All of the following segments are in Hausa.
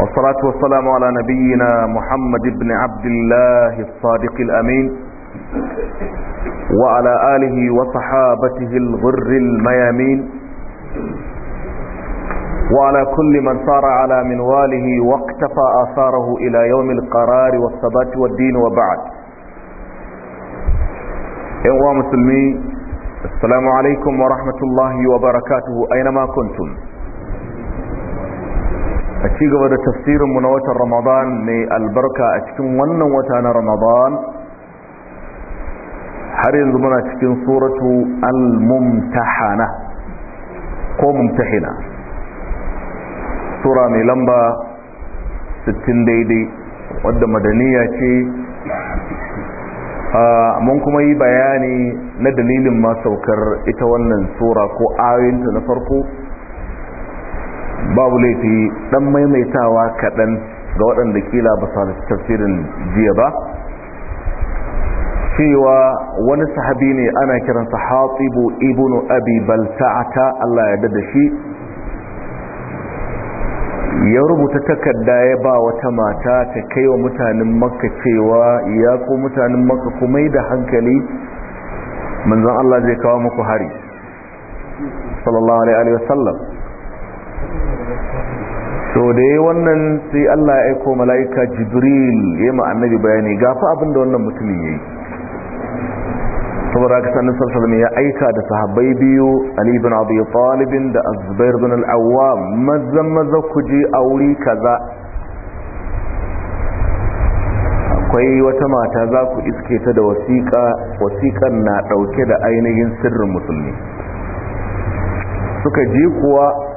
والصلاة والسلام على نبينا محمد بن عبد الله الصادق الأمين وعلى آله وصحابته الغر الميامين وعلى كل من صار على منواله واقتفى آثاره إلى يوم القرار والثبات والدين وبعد إخوة مسلمين السلام عليكم ورحمة الله وبركاته أينما كنتم a ci gaba da tafsirinmu na watan ramadan mai albarka a cikin wannan wata na ramadan har yanzu muna cikin suratu al-mumtahana ko mumtahina sura mai lamba 60 daidai wadda madaniya ce mun kuma yi bayani na dalilin masaukar ita wannan sura ko ayoyinta na farko babu laifi dan maimaitawa kaɗan ga waɗanda kila ba su tafsirin jiya ba cewa wani sahabi ne ana kiran kiransa hatibu ibnu abi balta'ata Allah ya da shi ya rubuta takarda ya ba wata mata ta kai wa mutanen makka cewa ya ku mutanen makka mai da hankali manzon Allah zai kawo muku hari sallallahu alaihi wasallam to da yi wannan sai Allah ya aiko mala'ika jibril ya ma annabi bayani gafa abin da wannan mutumin ya yi saboda haka sannan sassalmi ya aika da sahabbai biyu ali bin abu ya talibin da azubair bin al'awwa mazan maza ku je a wuri kaza akwai wata mata za ku iske ta da wasiƙa wasiƙan na ɗauke da ainihin sirrin musulmi suka je kuwa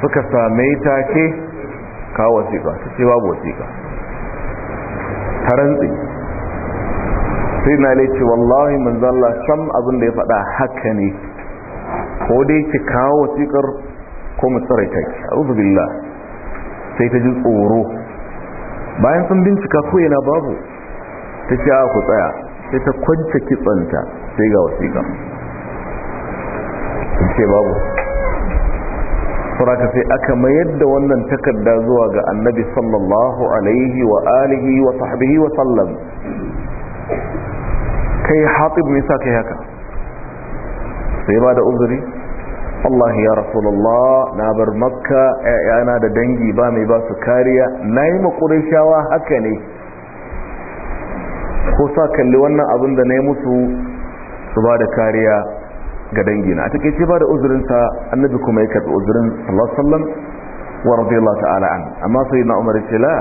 suka same ta ke kawo wasiƙa ta ce babu wasiƙa ta rantsi sai na ce wallahi manzalla sam abin da ya faɗa haka ne ko dai ki kawo wasiƙar ko mu ta ki a'udhu billah sai ta ji tsoro bayan sun bincika ko yana babu ta ce a ku tsaya sai ta kwance kitsanta sai ga wasiƙa ce babu suraka sai aka mayar da wannan takarda zuwa ga annabi sallallahu alaihi wa alihi wa sahbihi wa sallam kai hatib nisa kai haka sai ba da uzuri Allah ya rasulullah na bar makka yana da dangi ba mai ba su kariya na yi makurishawa haka ne ko sa kalli wannan abin da na musu su ba da kariya ga dangina take ce ba da uzurinsa annabi kuma ya karɓi uzurin sallallahu sallam wa radiyallahu ta'ala an amma sai na umar ce la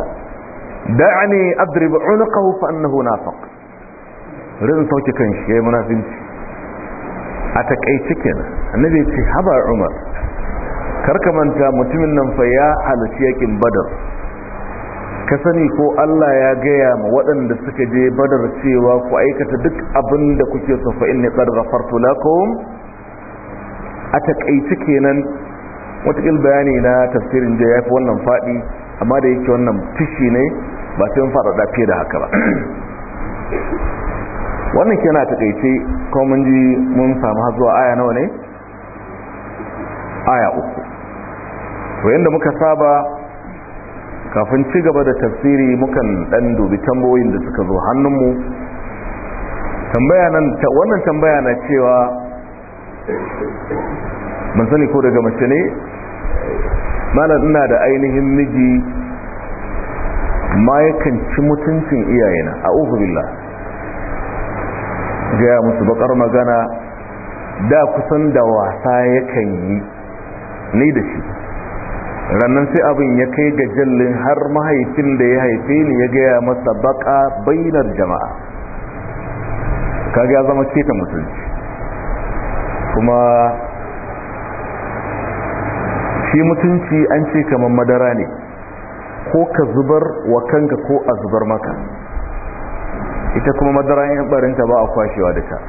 da'ani adrib unqahu fa annahu nafaq rin sauki kan shi yayi munafinci a takaice kenan annabi ce haba umar karka manta mutumin nan fa ya halarci yakin badar ka sani ko Allah ya gaya ma waɗanda suka je badar cewa ku aikata duk abin da kuke so fa inni qad ghafartu lakum a takaici kenan watakil bayani na tafsirin da ya fi wannan faɗi amma da yake wannan fishi ne ba sai mun faɗaɗa fiye da haka ba wannan kenan a takaice kuma mun ji mun samu zuwa aya nawa ne aya uku to yadda muka saba kafin ci gaba da tafsiri mukan ɗan dubi tambayoyin da suka zo hannunmu tambaya nan wannan tambaya na cewa man sani ko daga mace ne malam ina da ainihin miji ma yakan ci mutuncin iyayena a billah gaya musu bakar magana da kusan da wasa yakan yi ni da shi rannan sai abin ya kai ga jallin har mahaifin da ya haife ni ya gaya masa baka bainar jama'a kaga ya zama keta mutunci kuma shi mutunci an ce kamar madara ne ko ka zubar wa kanka ko a zubar maka ita kuma madara yin barinta ba a kwashewa da ta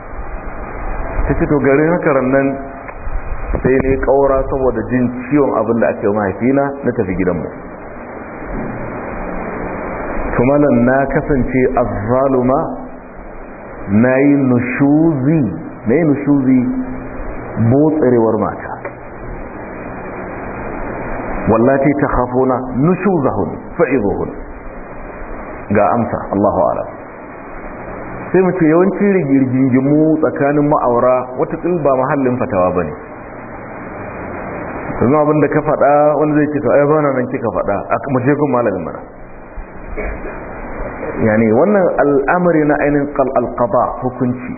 ta ce to garin haka rannan sai ne kaura saboda jin ciwon abin da ake mahaifina na tafi gidanmu nan na kasance azzaluma na yi nushuzi na yi nushuzi botsarewar mata wallati ta hafona nushu zahun fa'izohun ga amsa Allahu ala sai mace yawancin rigirgingimu tsakanin ma'aura wata ba mahallin fatawa ba ne yanzu abinda ka faɗa wani zai ce to ai bana nan kika faɗa a mace kun malamin mara yani wannan al'amari na ainihin alqada hukunci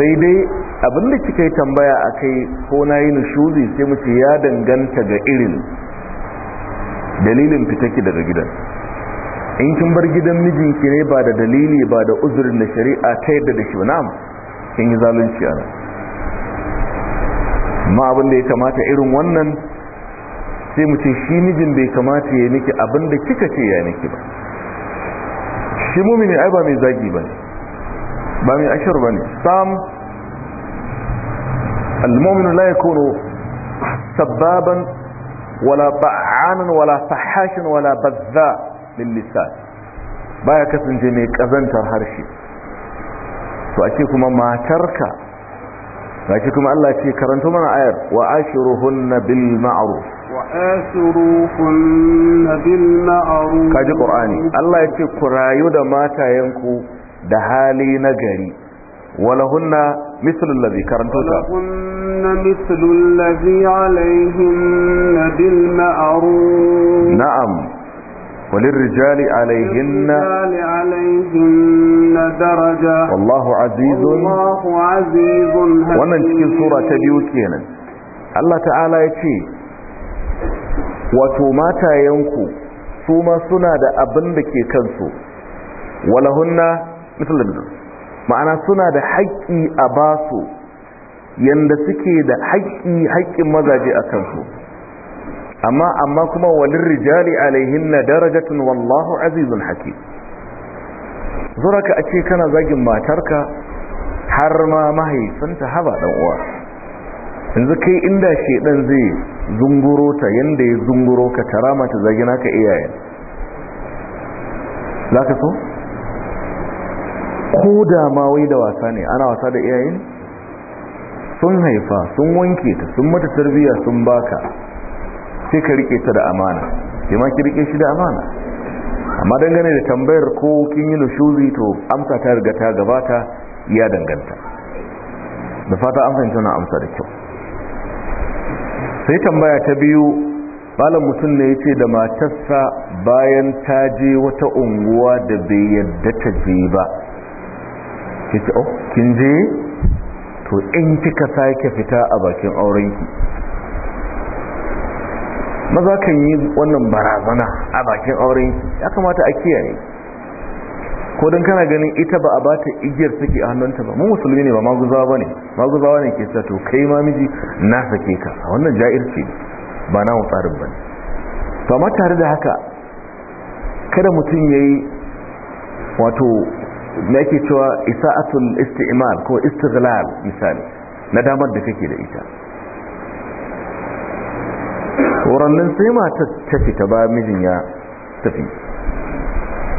sai dai abinda kika yi tambaya a kai ko na yi nishuzi sai mu ce ya danganta ga irin dalilin fitaki daga gidan in kin bar gidan mijinki ne ba da dalili ba da uzurin da shari'a ta yadda da shi na, kin yi zalunci a nan Ma abin da ya kamata irin wannan sai mu ce shi mijin bai kamata ya niki abin da kika ce ya niki ba shi mumini ai ba mai zagi ba ne ba mai ashir ba ne sam المؤمن لا يكون سبابا ولا طعانا ولا فحاشا ولا بذاء للسان baya kasance mai kazantar harshe to ake kuma matarka ce kuma Allah ce karanto mana ayar wa ashiruhunna bil ma'ruf wa ashiruhunna bil ma'ruf kaji qur'ani Allah ya ce ku rayu da matayenku da hali na gari ولهن مثل الذي كرنتوتا ولهن مثل الذي عليهن بالمعروف نعم وللرجال عليهن عليهن درجة والله عزيز والله عزيز wannan cikin sura ta biyu kenan Allah ta'ala ya ce wato matayenku suma suna da abin da ke kansu ma'ana suna da haƙƙi a basu yanda suke da haƙƙi haƙƙin mazaje a kansu amma amma kuma walin rijali alaihinna darajatun wallahu azizun haƙi zura ka ce kana zagin matarka har ma mahaifinta haba ɗan uwa yanzu kai inda ɗan zai zunguro ta yanda ya zunguro ka tara mata zagi naka iyayen ka so ko da ma wai da wasa ne ana wasa da iyayen sun haifa sun wanke ta sun mata tarbiyya sun baka sai ka rike ta da amana sai ma ki rike shi da amana amma dangane da tambayar ko kin yi lushuri to amsa ta riga ta gabata ya danganta da fata an fahimta na amsa da kyau sai tambaya ta biyu malam mutum ne ya ce da matarsa bayan ta je wata unguwa da bai yadda ta je ba sai ce oh kin je to in kika sake fita a bakin aurenki maza kan yi wannan barazana a bakin aurenki ya kamata a kiyaye ko don kana ganin ita ba a ba igiyar suke a hannunta ba mu musulmi ne ba maguzawa ba ne maguzawa ne ke sa to kai ma miji na sake ka a wannan ja'irci ce ba na tsarin ba ne to amma tare da haka kada mutum ya yi wato me yake cewa isa'atul isti'mal ko istighlal misali na damar da kake da ita Wurannin sai mata ta fita ba mijin ya tafi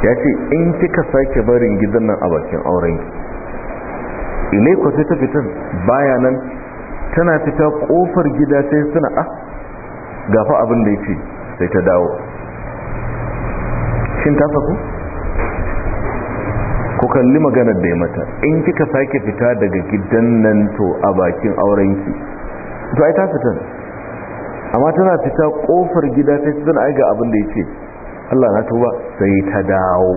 ya ce in kika sake barin gidan nan a bakin auren ine ku sai ta fitar baya tana fita kofar gida sai suna ah gafa abin da ya ce sai ta dawo shin ta faku? ku kalli maganar da ya mata in kika sake fita daga gidan nan to a bakin aurenki to ai ta fita amma tana fita kofar gida ta ci zan aiga abin da ya ce Allah na tuba sai ta dawo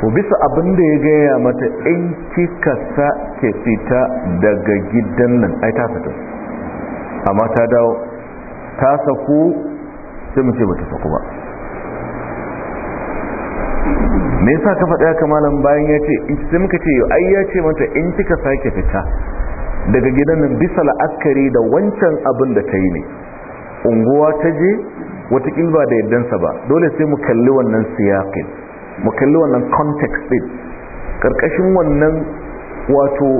ko bisa abin da ya gaya mata in kika sake fita daga gidan nan ai ta fita amma ta dawo ta saku sai mu ce ba ta saku ba me yasa ka faɗa ka malam bayan ya ce sai muka ce ai ya ce mata in kika sake fita daga gidan nan bisa la'akari da wancan abin da ta yi ne unguwa ta je wata ba da yaddansa ba dole sai mu kalli wannan siyaƙin mu kalli wannan context ɗin ƙarƙashin wannan wato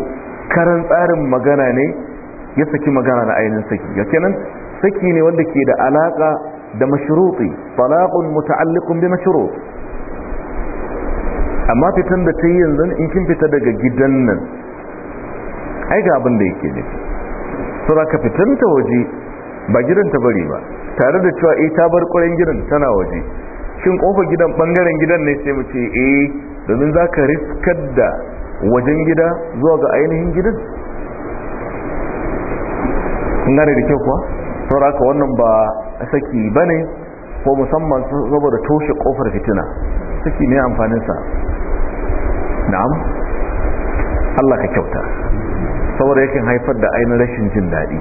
karan tsarin magana ne ya saki magana na ainihin saki ya kenan saki ne wanda ke da alaƙa da mashruti talaqun muta'alliqun bi mashrut amma fitan da ta yi yanzu in kin fita daga gidan nan ai ga abin da yake nufi za ka fitan ta waje ba gidan ta bari ba tare da cewa eh ta bar ƙwaren gidan tana waje shin kofar gidan bangaren gidan ne sai mu ce eh domin za ka riskar da wajen gida zuwa ga ainihin gidan kun gane da kyau kuwa saboda ka wannan ba saki ba ne ko musamman saboda toshe kofar fitina saki ne amfaninsa na'am Allah ka kyauta saboda yakin haifar da ainihin rashin jin daɗi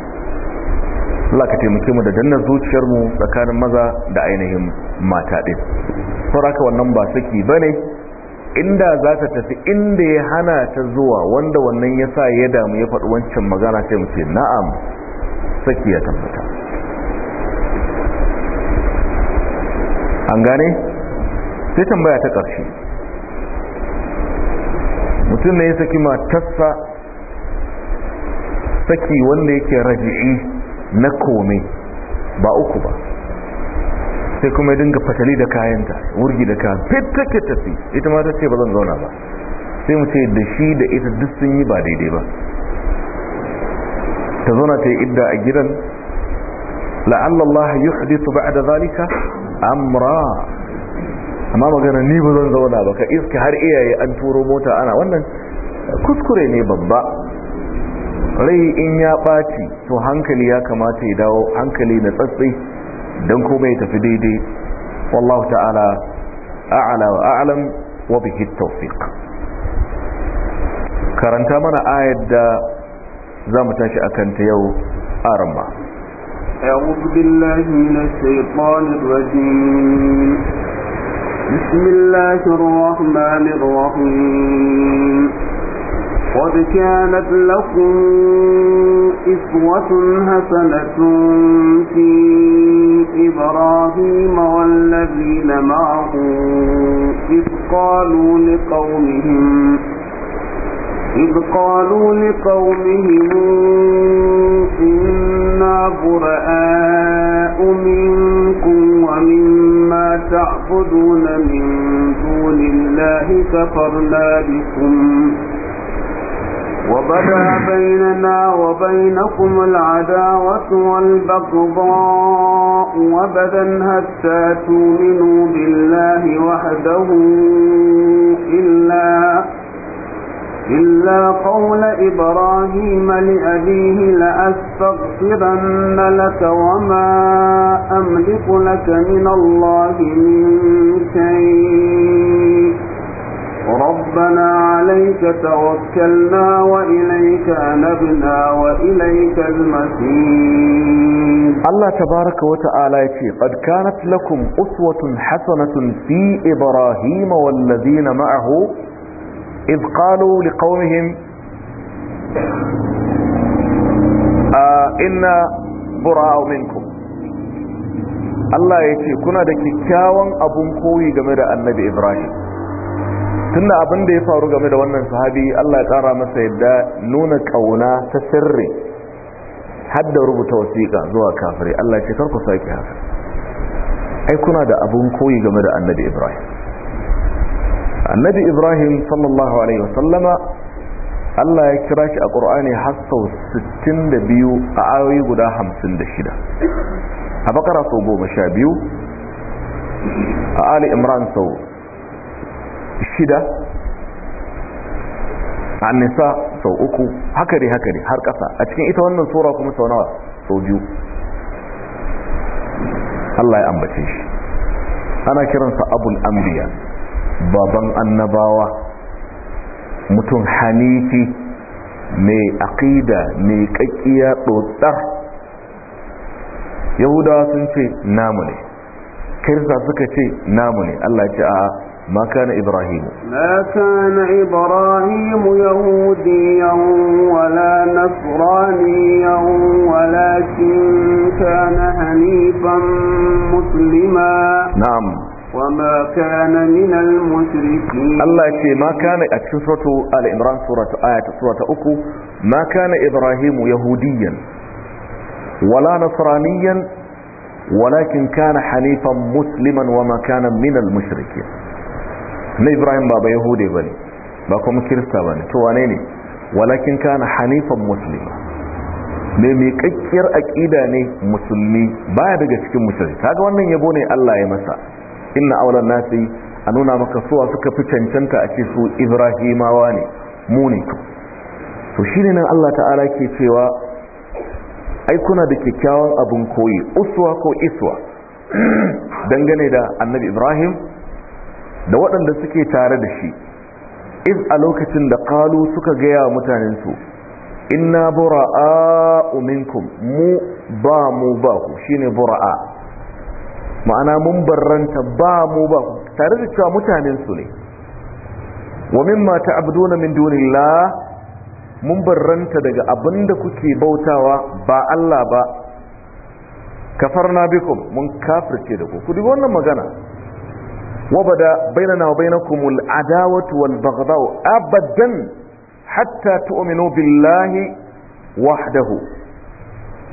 Allah ka taimake mu da dannar mu tsakanin maza da ainihin mata ɗin sauraka wannan ba saki bane ne inda za ta tafi inda ya hana ta zuwa wanda wannan ya sa ya damu ya faɗi wancan magana sai mu ce na'am saki ya tabbata an gane sai tambaya ta ƙarshe mutum ne ya saki matarsa saki wanda yake raji'i na kome ba uku ba sai kuma ya dinga fatali da kayanta wurgi da kayan fitta ke tafi ita ma ta ce ba zan zauna ba sai mu ce da shi da ita duk sun yi ba daidai ba ta zauna ta yi idda a gidan la'allallah yuhdithu da zalika amra amma magana ni ba zan zauna ba ka iska har iyaye an turo mota ana wannan kuskure ne babba rai in ya ɓaci to hankali ya kamata ya dawo hankali na tsatsi don kuma ya tafi daidai wallahu ta'ala a'ala wa a'alam wa bihi tawfiq karanta mana ayar da za mu tashi akan ta yau arma أعوذ بالله من الشيطان الرجيم بسم الله الرحمن الرحيم قد كانت لكم إسوة حسنة في إبراهيم والذين معه إذ قالوا لقومهم إذ قالوا لقومهم إنا براء منكم ومما تعبدون تعبدون من دون الله كفرنا بكم وبدا بيننا وبينكم العداوة والبغضاء وبدا حتى تؤمنوا بالله وحده إلا إلا قول إبراهيم لأبيه لأستغفرن لك وما أملك لك من الله من شيء ربنا عليك توكلنا وإليك أنبنا وإليك المسيح الله تبارك وتعالى قد كانت لكم أسوة حسنة في إبراهيم والذين معه إذ قالوا لقومهم آه إنا براء منكم Allah ya ce kuna da kyakkyawan abun koyi game da annabi Ibrahim tunda abin da ya faru game da wannan sahabi Allah ya kara masa yadda nuna ƙauna ta sirri har rubuta wasiƙa zuwa kafirai Allah ya ce karku sake haka ai kuna da abun koyi game da annabi Ibrahim annabi ibrahim sallallahu alaihi wasallama Allah ya kira shi a ƙur'ani har sau 62 a ayoyi guda 56 a bakara sau 12 a ali imran sau 6 a nisa sau 3 haka dai haka dai har ƙasa a cikin ita wannan sura kuma sau nawa sau biyu Allah ya ambace shi ana kiransa abul ambiya baban annabawa mutum hanifi mai aƙida mai ƙaƙƙiya tsotsar yahudawa sun ce namu ne kirsa suka ce namu ne allah ce a ما كان إبراهيم ما كان إبراهيم يهوديا ولا نصرانيا ولكن كان هنيفا مسلما نعم وما كان من المشركين الله يشي ما كان أكشن سورة آل إمران سورة آية سورة أكو ما كان إبراهيم يهوديا ولا نصرانيا ولكن كان حنيفا مسلما وما كان من المشركين ibrahim ba ba yahude ba ne ba kuma kirista ba ne to wane walakin kana hanifan mai miƙaƙƙiyar aƙida ne musulmi ya daga cikin musulmi ga wannan yabo ne allah ya masa inna awalan nasi a nuna maka suwa suka fi cancanta a ce su ibrahimawa ne mu ne to shine nan Allah ta'ala ke cewa ai kuna da kyakkyawan abin koyi uswa ko iswa dangane da annabi ibrahim da waɗanda suke tare da shi iz a lokacin da kalu suka gaya mutanensu inna bura'a minkum mu ba mu ba ku shine bura'a ma'ana mun barranta ba mu ba tare da cewa mutanen su ne wa mimma ta'buduna min dunillah mun barranta daga abinda kuke bautawa ba Allah ba na bikum mun kafirce da ku ku wannan magana wabada bainana wa bainakumul adawatu wal baghdau abadan hatta tu'minu billahi wahdahu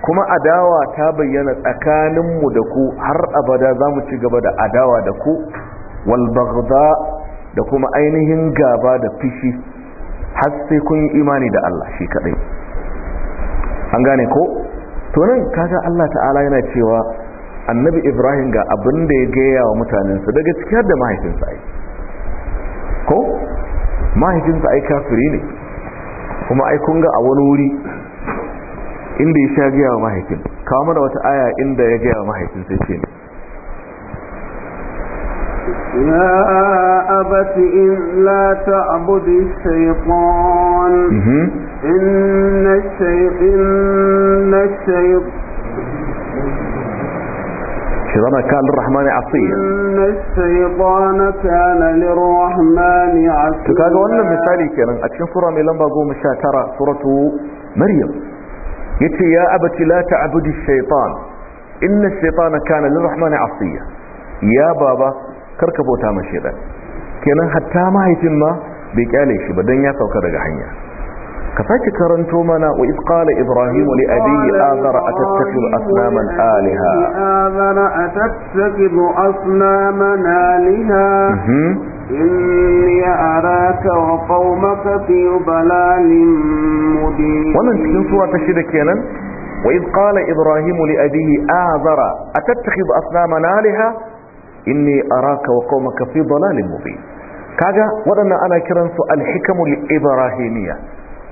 kuma adawa ta bayyana tsakaninmu da ku har abada za mu ci gaba da adawa da ku walbagda da kuma ainihin gaba da fishi har sai kun yi imani da Allah shi kaɗai an gane ko to nan kaga Allah ta'ala yana cewa annabi ibrahim ga abin da ya gaya wa mutanensa daga cikin da mahaifinsa ai ko mahaifinsa ai kafiri ne kuma ai kun ga a wani wuri inda ya sha gaya wa mahaifin kawo mana wata aya inda ya gaya wa mahaifin sai ce ne يا أبت إذ لا تعبد الشيطان إن الشيطان الشيطان الشيطان كان للرحمن عصيا إن الشيطان كان للرحمن عصيا تكاد وانا مثالي كان أكشن سورة ميلان باقوم الشاترة سورة مريم يتي يا أبتي لا تعبد الشيطان إن الشيطان كان للرحمن عصية يا بابا كركبو تام الشيطان كنا حتى ما يتم بيك بك عليش بدنيا فوكرق حنيا كفاك كرنتو منا وإذ قال إبراهيم لأبي آذر أتتكب أصناما آلهة لأبي آذر أتتكب أصناما آلهة wannan cikin suwa ta shida kenan wa iz qala ibrahimu li abihi azara atattakhidhu asnamana alaha inni araka wa qaumaka fi dalalin mubin kaga waɗannan ana kiran su al-hikamul ibrahimiyya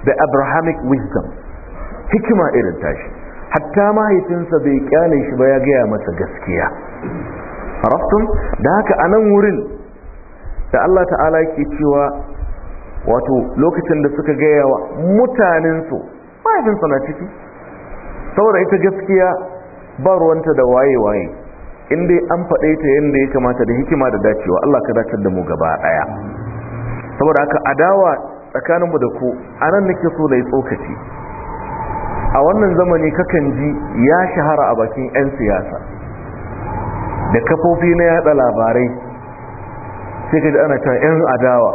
the abrahamic wisdom hikima irin tashi hatta mahaifinsa bai kyale shi ba ya gaya masa gaskiya arabtum da haka anan wurin da Allah ta'ala ke cewa wato lokacin da suka gaya wa mutanensu mahaifinsa na ciki saboda ita gaskiya ba ruwanta da waye-waye inda an faɗe ta yadda ya kamata da hikima da dacewa Allah ka dacar da mu gaba ɗaya saboda haka adawa tsakaninmu da ku anan nan nake so da ya tsokaci a wannan zamani kakan ji ya shahara a bakin 'yan siyasa da kafofi na yada labarai sai ka ji ana ta yan adawa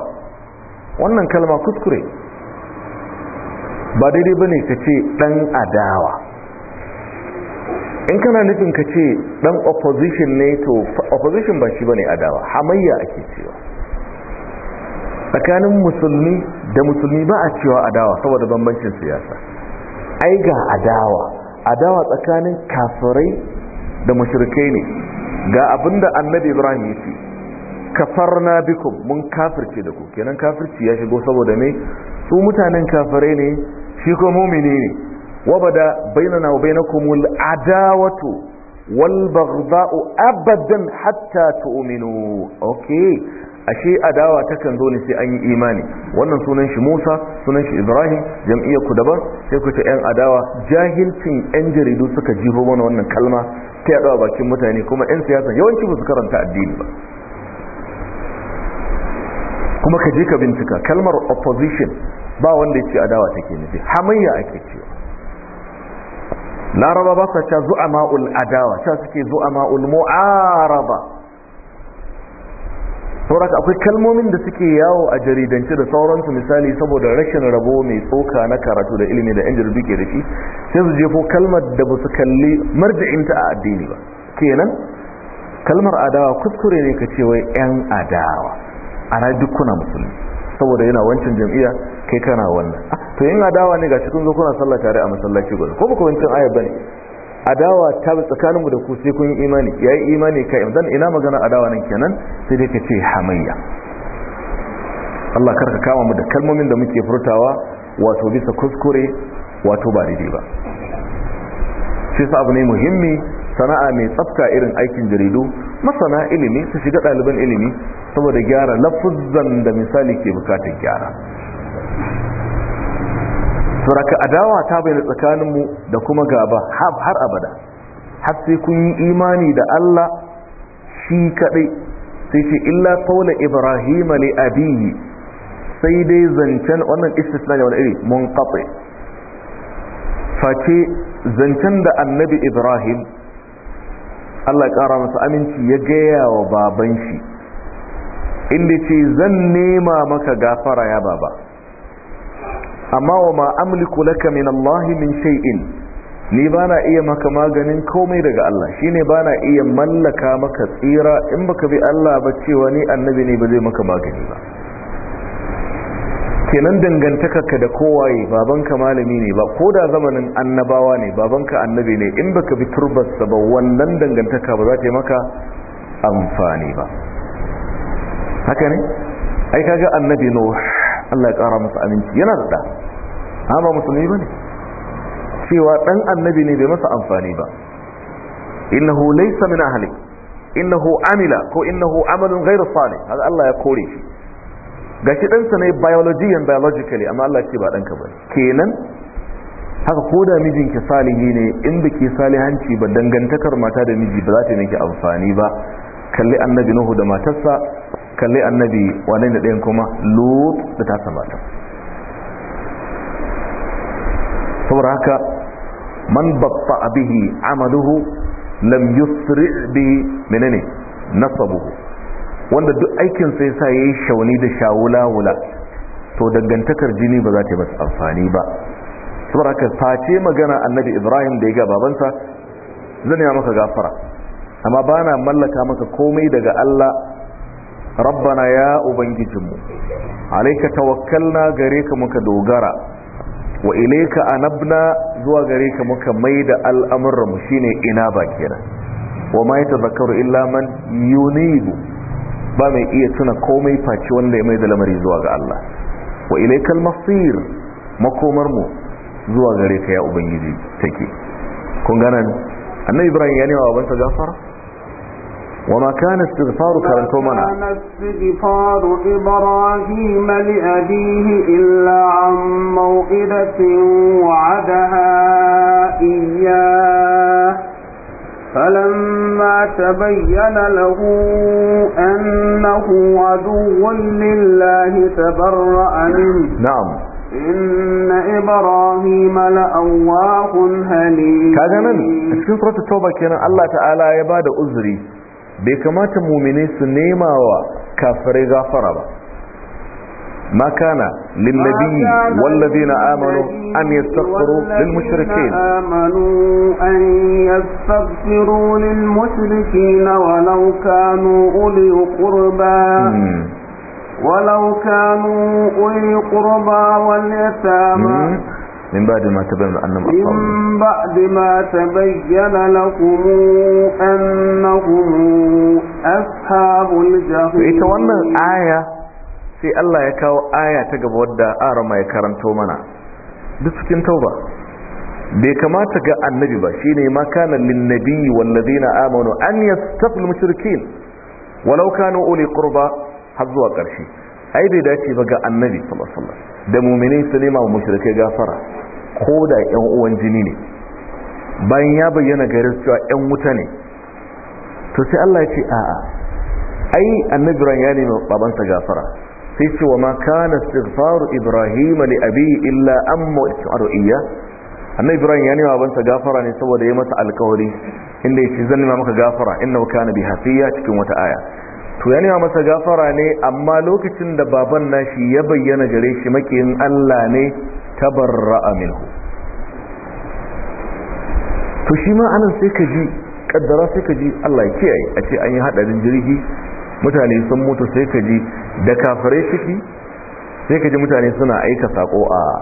wannan kalma kuskure ba daidai bane ka ce dan adawa in kana nufin ka ce dan opposition ne to opposition ba shi bane adawa hamayya ake cewa tsakanin musulmi da musulmi ba a cewa adawa saboda bambancin siyasa ai ga adawa adawa tsakanin kafirai da mashirkai ne ga abinda annabi ibrahim ya ce kafarna bikum mun kafirce da ku kenan kafirci ya shigo saboda me su mutanen kafare ne shi ko mumini ne wabada bainana wa bainakumul adawatu wal baghdha'u abadan hatta tu'minu okay ashe adawa takan zo ne sai an yi imani wannan sunan shi Musa sunan shi Ibrahim jam'iyyar ku daban sai ku ce yan adawa jahilcin yan jaridu suka jiho mana wannan kalma ta yadawa bakin mutane kuma yan siyasa yawanci ba su karanta addini ba kuma ka je ka bincika kalmar opposition ba wanda ya ce adawa take nufi hamayya ake cewa laraba ba sa ca ma'ul adawa ca suke ma'ul mu'araba sauraka akwai kalmomin da suke yawo a jaridance da sauransu misali saboda rashin rabo mai tsoka na karatu da ilimi da yan ke da shi sai su je ko kalmar da ba su kalli marja'inta a addini ba kenan kalmar adawa kuskure ne ka ce wai yan adawa Ana duk kuna musulmi saboda yana wancan jam'iyya kai kana wannan ah, to yin adawa ne ga cikin zo kuna sallah tare a masallaci gudu ko baka wancan ayar bane adawa ta tsakanin mu da ku sai kun yi imani yayi imani kai dan ina magana adawa nan kenan sai dai ka ce hamayya Allah karka kama mu da kalmomin da muke furtawa wato bisa kuskure wato ba daidai ba sai sa abu ne muhimmi sana'a mai tsafta irin aikin jaridu masana ilimi su shiga ɗaliban ilimi saboda gyara lafuzan da misali ke bukatar gyara suraka adawa ta bayyana tsakaninmu da kuma gaba har abada har sai kun yi imani da Allah shi kaɗai sai ce illa kaula ibrahim a abiyi sai dai zancen wannan istisna ne wani iri mun face zancen da annabi ibrahim Allah ya kara masa aminci ya gaya wa baban shi inda ce zan nema maka gafara ya baba amma wa ma amliku laka min Allah min shay'in ni bana iya maka maganin komai daga Allah shine bana iya mallaka maka tsira in baka bi Allah ba cewa ni annabi ne ba zai maka magani ba kenan dangantakarka da kowaye babanka malami ne ba ko da zamanin annabawa ne babanka annabi ne in baka bi turbarsa ba wannan dangantaka ba za ta yi maka amfani ba haka ne ai kaga annabi n'o? Allah ya kara masa aminci yana da amma musulmi bane cewa dan annabi ne bai masa amfani ba innahu laysa min ahli innahu amila ko innahu amalun ghayr salih haka Allah ya kore shi ga shi ɗansa ne biology biologically amma Allah ce ba ɗanka ba kenan haka ko da mijinki salihi ne in ke salihanci ba dangantakar mata da miji ba za ta miki amfani ba kalli annabi nuhu da matarsa kalli annabi wane da ɗayan kuma lut da tasa mata saboda haka man babba abihi amaluhu lam yusri bi menene nasabuhu wanda duk aikin sai sa yayi shauni da shawula-wula to dangantakar jini ba za ta ba amfani ba saboda haka face magana annabi ibrahim da ya ga babansa zan yi maka gafara amma bana mallaka maka komai daga allah rabbana ya ubangijinmu alaika tawakkalna gare ka muka dogara wa ilaika anabna zuwa gare ka muka mai da al'amuranmu shine ina ba wa ma yatazakkaru illa man yunibu ba mai iya tuna komai faci wanda ya mai da lamari zuwa ga Allah wa ilaikal masir makomar mu zuwa gare ka ya ubangiji take kun gana annabi ibrahim ya nema babansa gafara وما كان استغفار كرنتو منا كان استغفار إبراهيم لأبيه إلا عن موئدة وعدها إياه فلما تبين له أنه عدو لله تبرأ منه نعم إن إبراهيم لأواه هليم كذا من cikin سورة التوبة كان الله تعالى يبادى أزري bai kamata mumine su nema wa kafirai gafara ba ما كان للنبي والذين آمنوا أن يستغفروا للمشركين آمنوا أن يستغفروا للمشركين ولو كانوا أولي قربى ولو كانوا أولي قربى واليتامى من بعد ما تبين أنهم أصحاب من بعد ما تبين لكم أنهم أصحاب الجحيم. إيه آية sai Allah ya kawo aya ta gaba wadda arama ya karanto mana duk cikin tauba bai kamata ga annabi ba shine ma kana lin nabiyyi wal ladina amanu an yastaqilu mushrikin walau kanu uli qurba har zuwa karshe ai bai dace ba ga annabi sallallahu alaihi wasallam da mu'minai su nema mushrikai gafara ko da ƴan uwan jini ne bayan ya bayyana garin cewa ƴan wuta ne to sai Allah ya ce a'a ai annabi ran ya nemi babansa gafara sai ce wa ma kana istighfaru ibrahim li abi illa amma istighfaru iya annabi ibrahim ya nema banta gafara ne saboda ya masa alkawari inda yace zan nema maka gafara innahu kana bi hafiya cikin wata aya to ya nema masa gafara ne amma lokacin da baban nashi ya bayyana gare shi makiyin Allah ne tabarra'a minhu to shi ma anan sai ka ji kaddara sai ka ji Allah ya kiyaye a ce an yi hadarin jirgi mutane sun mutu sai ka ji da kafirai ciki sai ka ji mutane suna aika sako a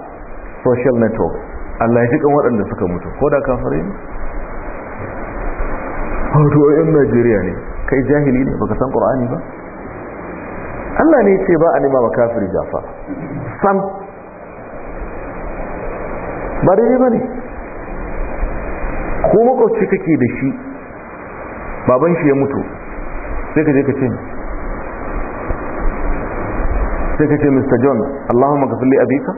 social network Allah ya fi kan waɗanda suka mutu ko da kafirai ne hoto yan Najeriya ne kai jahili ne baka san Qur'ani ba Allah ne ce ba a nema ba kafiri jafa sam ba daidai ba ne ko makwacci kake da shi baban shi ya mutu sai ka je ka ce sai ka ce mr john allahumma ka salli abika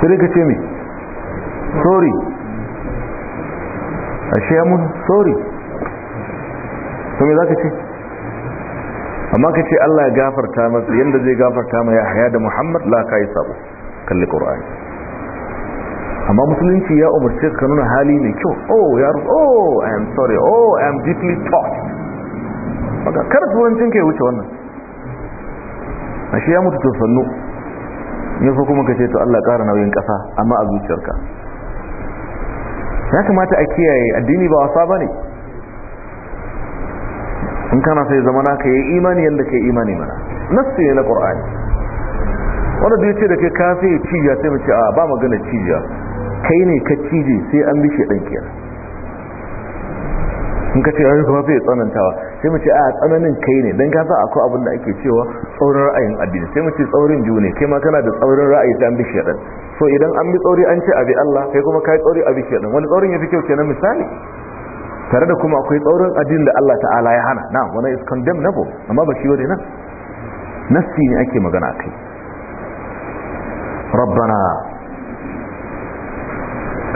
sai ka ce me sorry ashe ya mun sorry to me za ka ce amma ka ce allah ya gafarta masu yadda zai gafarta ma ya haya da muhammad la ka yi sabo kalli ƙorani amma musulunci ya umarce ka nuna hali mai kyau oh ya oh i am sorry oh i am deeply touched kar turancin ka ya wuce wannan ashe ya mutu to sannu ya so kuma kace to Allah ƙara nauyin ƙasa amma a zuciyarka ya kamata a kiyaye addini ba wasa bane in kana sai zama naka yi imani yadda kai imani mana nassi ne na qur'ani wanda da yace da kai ka sai ciya sai mace a ba magana ciya kai ne ka cije sai an bishe dan kiyar in ka ce ayyuka ba sai tsanantawa sai mu a tsananin kai ne don ka sa akwai abin da ake cewa tsaurin ra'ayin addini sai mu tsaurin juni kai ma kana da tsaurin ra'ayi ta bi shaɗan so idan an bi tsauri an ce abi Allah kai kuma kai tsauri abi shaɗan wani tsaurin ya fi kyau kenan misali tare da kuma akwai tsaurin addini da Allah ta'ala ya hana na wani is condemnable amma ba shi wani nan nassi ne ake magana kai rabbana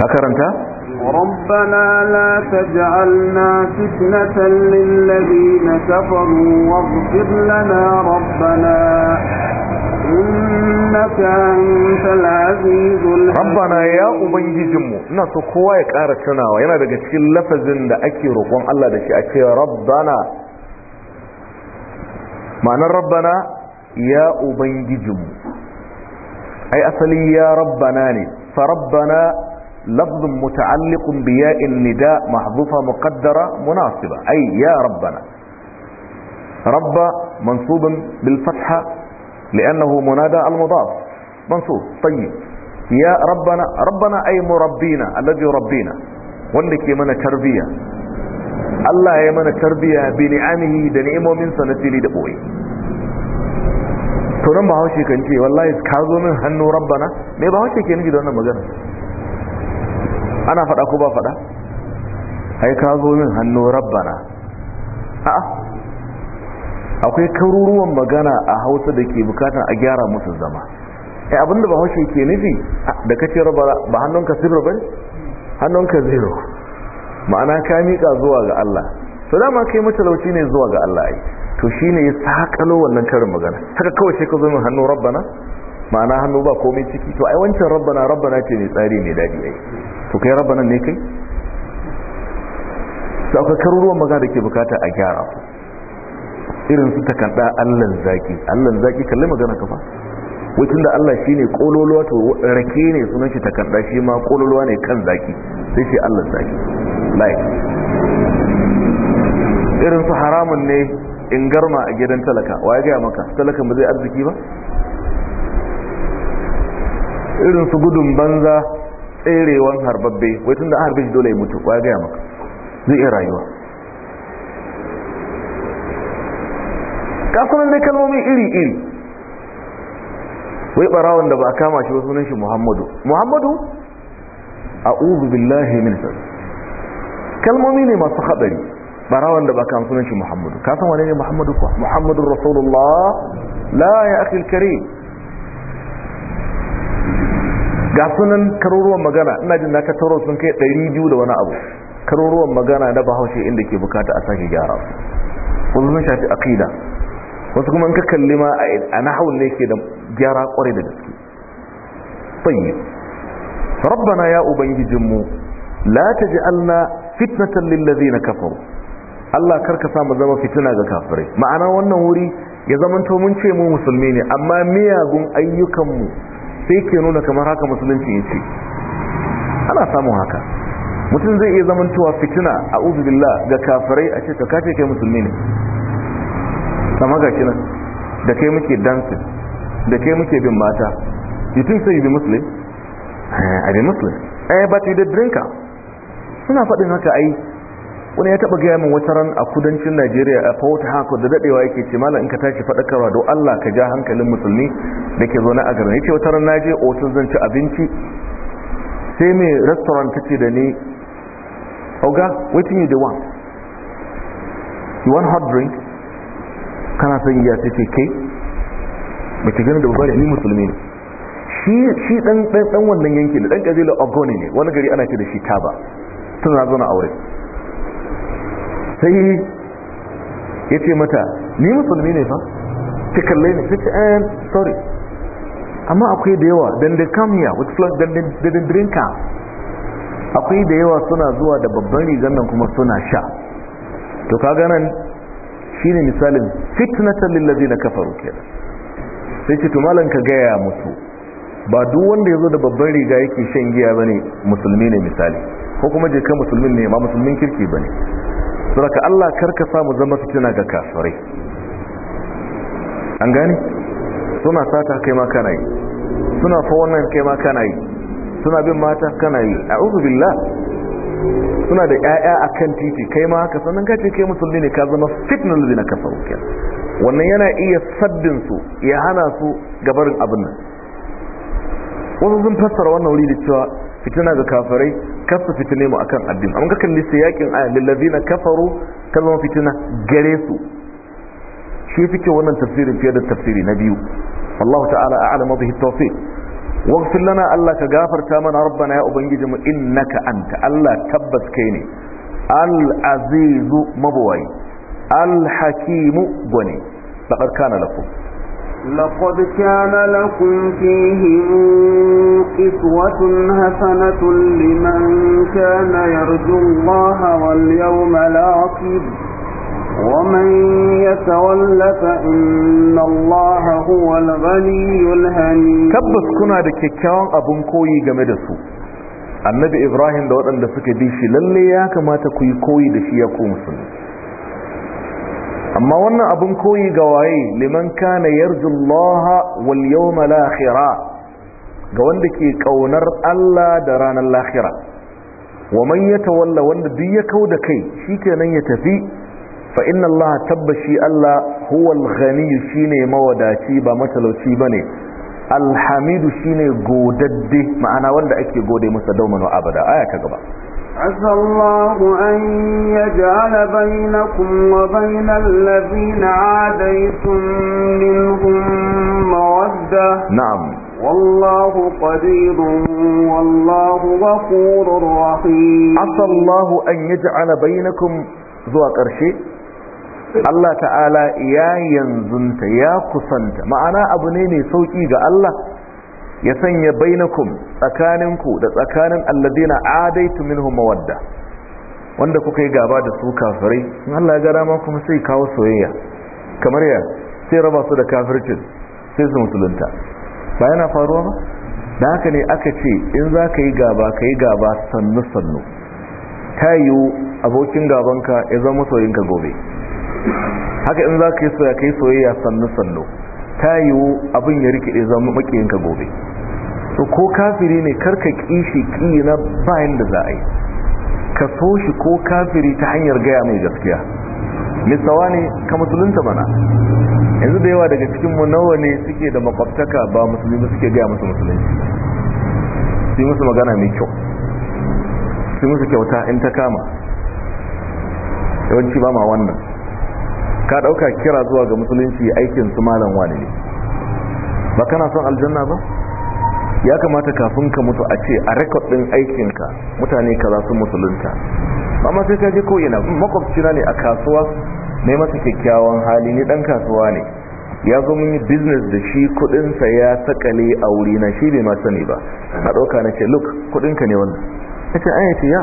ka karanta ربنا لا تجعلنا فتنة للذين كفروا واغفر لنا ربنا إنك أنت العزيز الحكيم ربنا يا أبي ناسو كوا يكارة تناوى ينا دقى تشيل لفزن دا الله دا أكير ربنا معنى ربنا يا أبنجزم أي أصلي يا ربنا فربنا لفظ متعلق بياء النداء محذوفة مقدرة مناصبة أي يا ربنا رب منصوب بالفتحة لأنه منادى المضاف منصوب طيب يا ربنا ربنا أي مربينا الذي يربينا وانك يمنى تربية الله يمنى تربية بنعمه دنعمه من سنتي لدقوي tunan bahaushe kan ce wallahi ka zo min hannu rabbana me bahaushe ke nufi da wannan magana ana faɗa ko ba faɗa ai ka zo min hannu rabbana a'a akwai karuruwan magana a hausa da ke bukatar a gyara musu zama ai abinda ba haushe ke nufi da kace rabbana ba hannunka sirri ba hannunka zero ma'ana ka miƙa zuwa ga Allah to dama kai matalauci ne zuwa ga Allah ai to shine ya sakalo wannan karin magana haka kawai sai ka zo min hannu rabbana ma'ana hannu ba komai ciki to ai wancan rabbana rabbana ce ne tsari ne dadi ai to kai rabbana ne kai to karu ruwan maza da ke bukata a gyara irin su takarda allan zaki allan zaki kalli magana ka fa wai tunda Allah shine kololuwa to rake ne sunan shi takarda shi ma kololuwa ne kan zaki sai shi allan zaki like irin su haramun ne in garma a gidan talaka wa ya gaya maka talakan ba zai arziki ba irin su gudun banza tserewan harbabbe wai tun da harbe shi dole ya mutu ya gaya maka zai iya rayuwa kasunan dai kalmomi iri-iri wai barawan da ba a kama shi wasu sunan shi muhammadu muhammadu a uzu billahi min kalmomi ne masu haɗari barawan da ba kama sunan shi muhammadu kasan wane ne muhammadu kuwa muhammadu rasulullah la ya akil ga sunan karuruwan magana ina jin na tattaro sun kai biyu da wani abu karuruwan magana na bahaushe inda ke bukata a sake gyara wasu sun shafi aqida wasu kuma in ka kalli ma a nahawun ne ke da gyara kware da gaske tayyib rabbana ya ubangijinmu la taj'alna fitnatan lil ladina kafaru Allah kar ka samu zama fitina ga kafirai ma'ana wannan wuri ya zamanto mun ce mu musulmi ne amma miyagun ayyukanmu sai ke nuna kamar haka musulunci ya ce ana samun haka mutum zai iya zamantowa fitina a uzubillah ga kafirai a cikin kafin kai musulmi ne sama ga kinan da kai muke dancing da kai muke bin mata you think say you be muslim eh, i be muslim eh but you dey drinker suna faɗin haka ai wani ya taba gaya min wata ran a kudancin najeriya a ta haka da dadewa yake ce malam in ka tashi fadakarwa don allah ka ja hankalin musulmi da ke zaune a garin ya ce wata ran na je zan ci abinci sai mai restaurant ta ce da ni oga waiting you the one you want hot drink kana son giya ce kai ba gani da babbar ni musulmi ne shi dan wannan yanki da dan kabilar ogoni ne wani gari ana ce da shi taba tun na zo na aure sai ya ce mata ni musulmi ne fa ta kalle ne ta ce eh sorry amma akwai da yawa then da come here with flush then da they drink akwai da yawa suna zuwa da babban rigar nan kuma suna sha to ka ga nan shine misalin fitnatan lil ladina kafaru kenan sai ce to malan ka gaya musu ba duk wanda yazo da babban riga yake shan giya bane musulmi ne misali ko kuma je musulmin ne ma musulmin kirki bane saboda Allah karka samu zama fitina ga kafirai an gane suna sata kai ma kana yi suna fa wannan kai ma kana yi suna bin mata kana yi a'udhu billah suna da ƴaƴa akan titi kai ma haka sannan kace kai musulmi ne ka zama fitnal ladina kafaru wannan yana iya saddin su ya hana su gabarin abin nan Wannan sun fassara wannan wuri da cewa fitina ga kafirai kasa fitine mu akan addini amma kakan lissa yakin aya na kafaru ta zama fitina gare su shi fike wannan tafsirin fiye da tafsiri na biyu allahu ta'ala a'lam bihi tawfiq waghfir lana Allah ka gafarta mana rabbana ya ubangiji mu innaka anta Allah tabbas kai ne al azizu mabawai al hakimu gwani laqad kana lakum لقد كان لكم فيهم إسوة حسنة لمن كان يرجو الله واليوم الآخر ومن يتولى فإن الله هو الغني الهني كبس كنا دكيكاون أبو كوي جمدسو النبي إبراهيم دور أن دفك ديشي للي كما ما تكوي كوي دشي يكون سنة amma wannan abin koyi ga waye liman kana yarjullaha wal yawmal akhira ga wanda ke kaunar Allah da ranar lahira wa man yatawalla wanda duk ya da kai shikenan ya tafi fa inna Allah tabbashi Allah huwal ghani shine mawadaci ba matalauci bane alhamidu shine godadde ma'ana wanda ake gode masa dauman abada aya ta gaba عسى الله أن يجعل بينكم وبين الذين عاديتم منهم مودة نعم والله قدير والله غفور رحيم عسى الله أن يجعل بينكم ذو قرشي الله تعالى يا ينزنت يا قصنت معنا أبنيني ne mai sauƙi ya sanya bainakum tsakaninku da tsakanin alladina adaitu minhum mawadda wanda kuka yi gaba da su kafirai in Allah ya ga dama kuma sai kawo soyayya kamar ya sai raba su da kafircin sai su musulunta ba yana faruwa ba da haka ne aka ce in za ka yi gaba ka yi gaba sannu sannu ta yiwu abokin gabanka ya zama soyinka gobe haka in za ka yi soya ka yi soyayya sannu sannu ta yiwu abin ya rikide zama makiyinka gobe to ko kafiri ne karka kishi ki na bayan da za a yi ka so shi ko kafiri ta hanyar gaya mai gaskiya misawa ne ka musulunta mana yanzu da yawa daga cikin mu nawa ne suke da makwabtaka ba musulmi suke gaya musu musulunci su yi musu magana mai kyau su musu kyauta in ta kama yawanci ba ma wannan ka dauka kira zuwa ga musulunci aikin su malam wani ne ba kana son aljanna ba ya kamata kafin ka mutu a ce a rekod din ka mutane kaza sun musulunta amma sai ka je ko ina na ne a kasuwa ne masa kyakkyawan hali ni dan kasuwa ne ya zo mun yi business da shi sa ya sakale a wuri na shi bai ma sani ba na ɗauka na ce look ka ne wannan ya ce an ya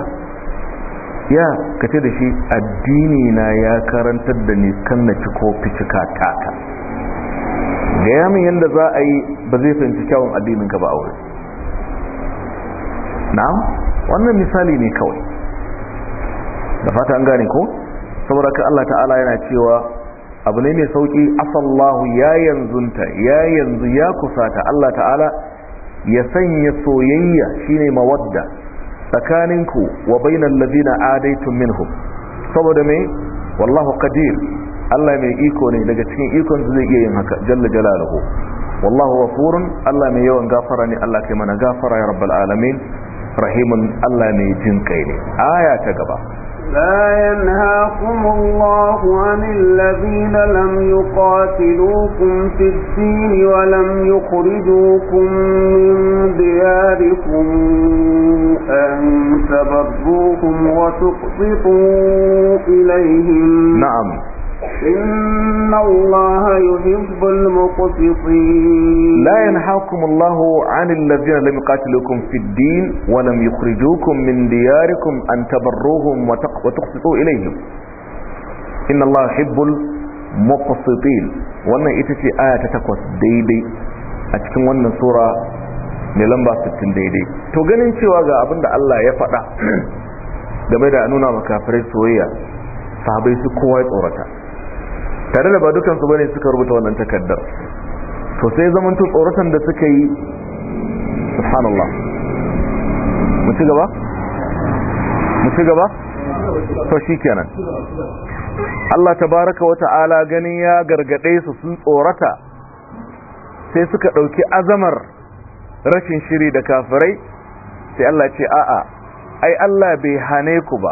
ya ka ce da shi addini na ya karantar da ni kan na ci ko ficika taka da ya min yadda za a yi ba zai fahimci kyawun addinin ka ba a wuri na'am wannan misali ne kawai da fata an gane ko saboda ka Allah ta'ala yana cewa abu ne mai sauki asallahu ya yanzunta ya yanzu ya kusata Allah ta'ala ya sanya soyayya shine mawadda tsakaninku wa bainal ladina adaitun minhum saboda me wallahu qadir Allah mai iko ne daga cikin ikon zai iya yin haka jalla jalaluhu wallahu ghafurun Allah mai yawan gafara ne Allah kai mana gafara ya rabbal alamin rahimun Allah mai jin kai ne aya ta gaba لا ينهاكم الله عن الذين لم يقاتلوكم في الدين ولم يخرجوكم من دياركم أن تبروهم وتقسطوا إليهم نعم إن الله يحب المقسطين لا ينهاكم الله عن الذين لم يقاتلوكم في الدين ولم يخرجوكم من دياركم أن تبروهم وتقسطوا إليهم إن الله يحب المقسطين وأن إتتي آية تقوى ديدي أتكن وأن سورة نلمبا ستين ديدي تغنين شواغا أبن الله يفعل game da nuna makafirai soyayya sahabai su kowa ya tsorata tare da ba dukansu bane suka rubuta wannan takardar to sai to tsoratan da suka yi subhanallah mu ci gaba mu ci gaba to shikenan Allah tabaraka wa ta'ala ganin ya gargade su sun tsorata sai suka dauki azamar rashin shiri da kafirai sai Allah ce a'a ai Allah bai hane ku ba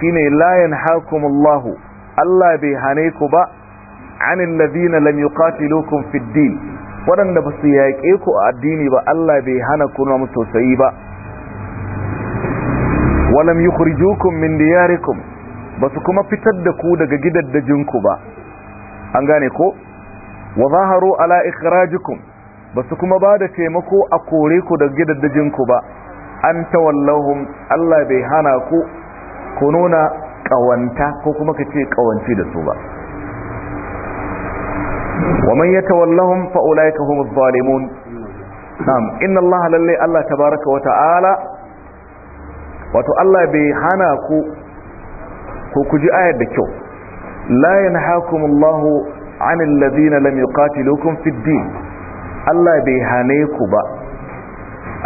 shine la yanhaakumullahu Allah bai hane ku ba anil ladina lam yuqatilukum fid din waɗanda ba su yaƙe ku a addini ba Allah bai hana ku na tausayi ba walam yukhrijukum min diyarikum ba su kuma fitar da ku daga gidaddajinku ba an gane ko wa zaharu ala ikhrajikum ba su kuma ba da taimako a kore ku daga gidaddajinku ba an tawallahum Allah bai hana ku ku nuna ƙawanta ko kuma ka ce da su ba ومن يتولهم فأولئك هم الظالمون نعم إن الله للي الله تبارك وتعالى وتعالى بحناكو كوكجي آية بكو لا ينهاكم الله عن الذين لم يقاتلوكم في الدين الله بحنيكو با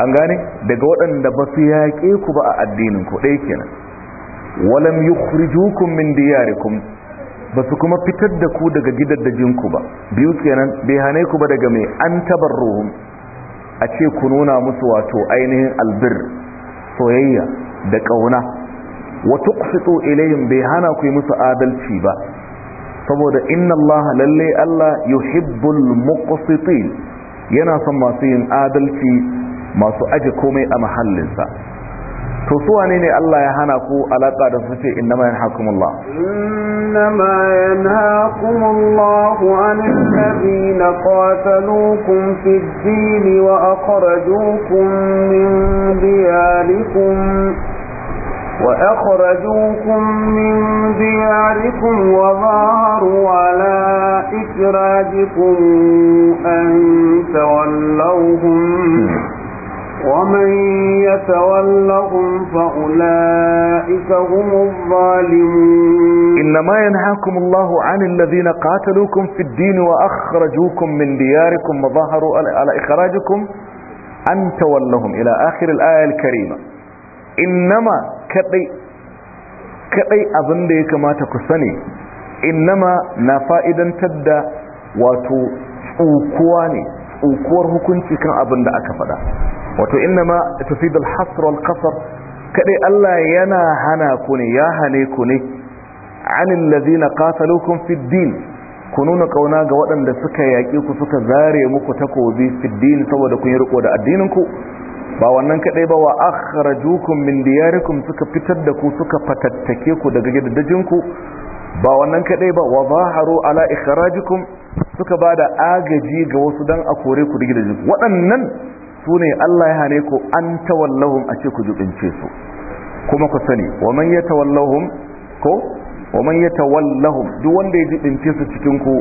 أنغاني دقوة دبطياكيكو با الدين كو ليكنا ولم يخرجوكم من دياركم ba su kuma fitar da ku daga gidaddajinku ba biyu kenan bai hane ku ba daga mai an tabarruhum a ce ku nuna musu wato ainihin albir soyayya da ƙauna wata fito ilayin bai hana ku yi musu adalci ba saboda inna Allah lalle Allah yuhibbul muqsitin yana son masu yin adalci masu aje komai a mahallinsa to su wane ne Allah ya hana ku alaka da su ce inna innama yanhakumullah ma yanhakumullahu anil ladina qatalukum fid din wa akhrajuukum min diyarikum وأخرجوكم من دياركم وظاهروا على إخراجكم أن تولوهم ومن يتولهم فأولئك هم الظالمون إنما ينهاكم الله عن الذين قاتلوكم في الدين وأخرجوكم من دياركم وظهروا على إخراجكم أن تولهم إلى آخر الآية الكريمة إنما كأي كأي أظن ديك ما تقصني إنما نفائدا تبدأ وتوقواني ukuwar hukunci kan abin da aka faɗa wato inna ma tufidul hasr wal qasr kadai Allah yana hana ku ne ya hane ku ne anil ladina qataluukum fid din ku nuna kauna ga waɗanda suka yaƙi ku suka zare muku takobi fid din saboda kun yi riko da addinin ku ba wannan kadai ba wa akhrajukum min diyarikum suka fitar da ku suka fatattake ku daga gidajen ku ba wannan kadai ba wa zaharu ala ikhrajikum suka ba da agaji ga wasu dan a kore ku da gidajen waɗannan su ne Allah ya hane ku an tawallahum a ce ku jubince su kuma ku sani wa man yatawallahum ko wa man yatawallahum duk wanda ya jubince su cikin ku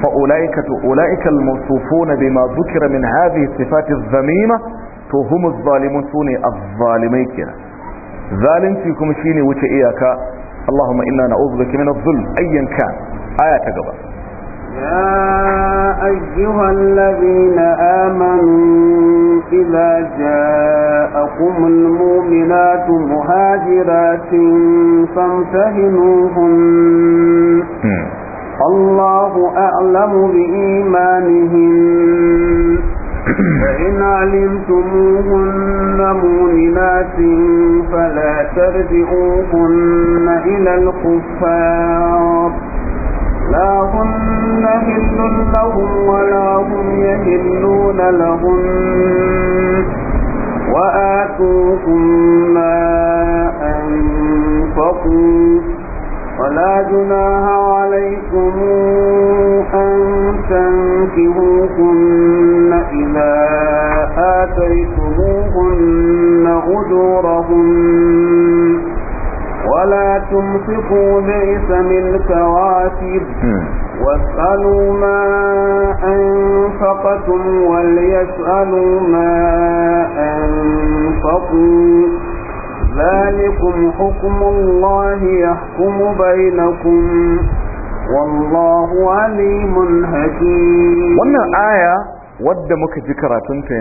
fa ulaika tu ulaika al-mawsufuna bima dhukira min hadhihi sifati adh-dhamima to hum adh-dhalimun sune adh-dhalimai kenan zalunci kuma shine wuce iyaka اللهم إنا نعوذ بك من الظلم أيا كان آية تقبل يا أيها الذين آمنوا إذا جاءكم المؤمنات مهاجرات فامتهنوهن الله أعلم بإيمانهن فإن علمتموهن مؤمنات فلا ترجعوهن إلى الكفار لا هن حل لهم ولا هم يحلون لهن وآتوهم ما أنفقوا ولا جناها عليكم أن تنكهوهن إذا آتيتموهن أجورهن ولا تنفقوا ليس من كواكب واسألوا ما أنفقتم وليسألوا ما أنفقوا ذلكم حكم الله يحكم بينكم والله عليم حكيم وانا آية ودى muka ji karatunta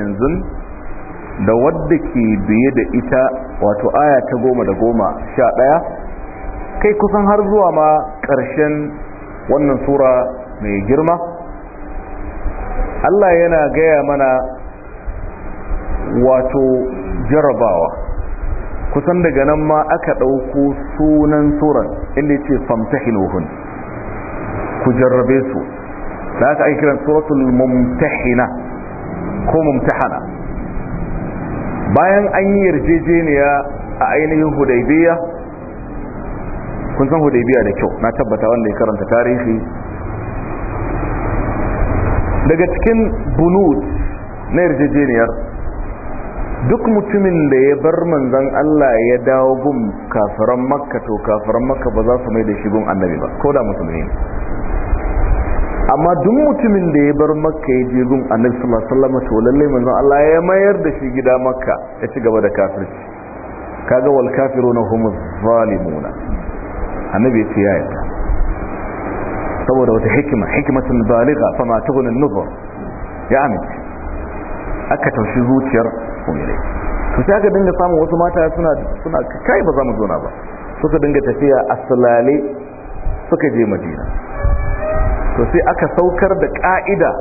da wadda ke biye da ita wato aya ta goma da goma sha ɗaya kai kusan har zuwa ma ƙarshen wannan sura mai girma Allah yana gaya mana wato jarabawa kusan daga nan ma aka ɗauko sunan suran inda ce famtahinuhun ku jarrabe su da aka aikiran suratul mumtahina ko mumtahana bayan an yi yarjejeniya a ainihin hudaibiya kun san hudaibiya da kyau na tabbata wanda ya karanta tarihi daga cikin bunut na yarjejeniyar duk mutumin da ya bar manzan Allah ya dawo gun kafiran makka to kafiran makka ba za su mai da shi gun annabi ba ko da musulmi ne amma duk mutumin da ya bar makka ya je gun annabi sallallahu alaihi wasallam to lalle manzo Allah ya mayar da shi gida makka ya ci gaba da kafirci kaga wal kafiruna hum zalimuna annabi ya ce ya yarda saboda wata hikima hikmatun baliga fa ma tughni an-nuzur ya amince aka taushi zuciyar mu'minai to sai aka dinga samun wasu mata suna suna kai ba za mu zo na ba suka dinga tafiya asalale suka je madina to sai aka saukar da ka'ida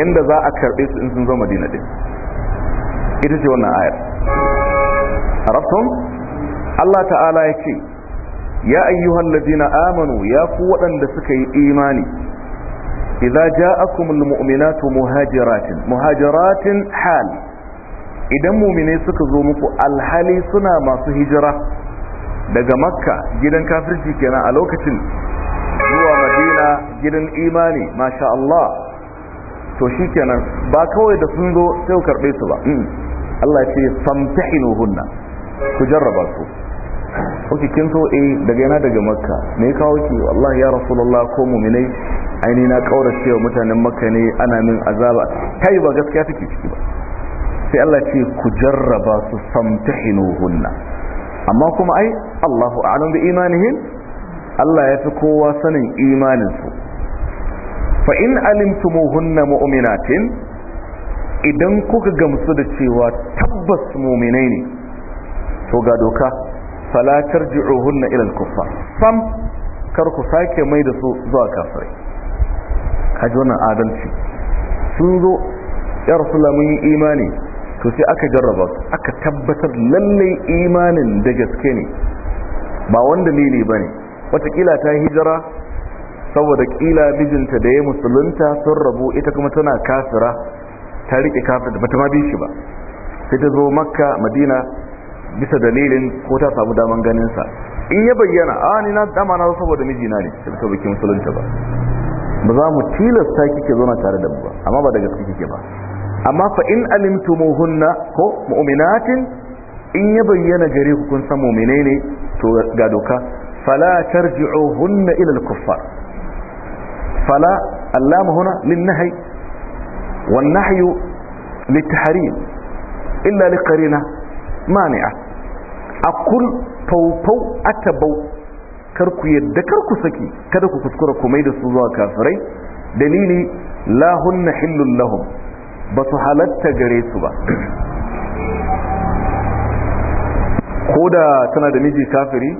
yanda za a karɓe su in sun zo madina din ita ce wannan ayar arabtum Allah ta'ala ya ce ya ayyuhal ladina amanu ya ku waɗanda suka yi imani idza ja'akumul mu'minatu muhajiratin muhajiratin hal idan mu'mine suka zo muku alhali suna masu hijira daga makka gidan kafirci kenan a lokacin zuwa madina gidan imani masha Allah to shikenan ba kawai da sun zo sai karbe su ba mm. Allah ya ce famtahinuhunna ku jarraba su kuke kin so eh daga yana daga makka me kawo ki wallahi ya rasulullah ko mu'minai aini na kaura cewa mutanen makka ne ana min azaba kai ba gaskiya take ciki ba sai Allah ce ku jarraba su famtahinuhunna amma kuma ai Allahu a'lam bi imanihim Allah ya fi kowa sanin imaninsu fa in alimtumuhunna mu'minatin idan kuka gamsu da cewa tabbas mu'minai ne to ga doka fala tarji'uhunna ila al-kuffar sam kar ku sake mai da su zuwa kafirai kaji wannan adalci sun zo ya rasulullah yi imani to sai aka jarraba su aka tabbatar lallai imanin da gaske ne ba wanda lili bane watakila ta hijira saboda kila mijinta da ya musulunta sun rabu ita kuma tana kafira ta riƙe kafir ba ta ma bishi shi ba sai ta zo makka madina bisa dalilin ko ta samu daman ganinsa in ya bayyana a ni na dama na saboda mijina ne ta fita musulunta ba ba za mu tilasta kike zo na tare da mu ba amma ba da gaske kike ba amma fa in alimtumuhunna ko mu'minatin in ya bayyana gare ku kun san mu'minai ne to ga doka فلا ترجعوهن إلى الكفار فلا اللام هنا للنهي والنهي للتحريم إلا لقرينة مانعة أقول فوفو أتبو karku yadda karku saki kada ku kuskura ku da su zuwa kafirai dalili la hunna hillun lahum ba su halatta gare su ba ko da tana da miji kafiri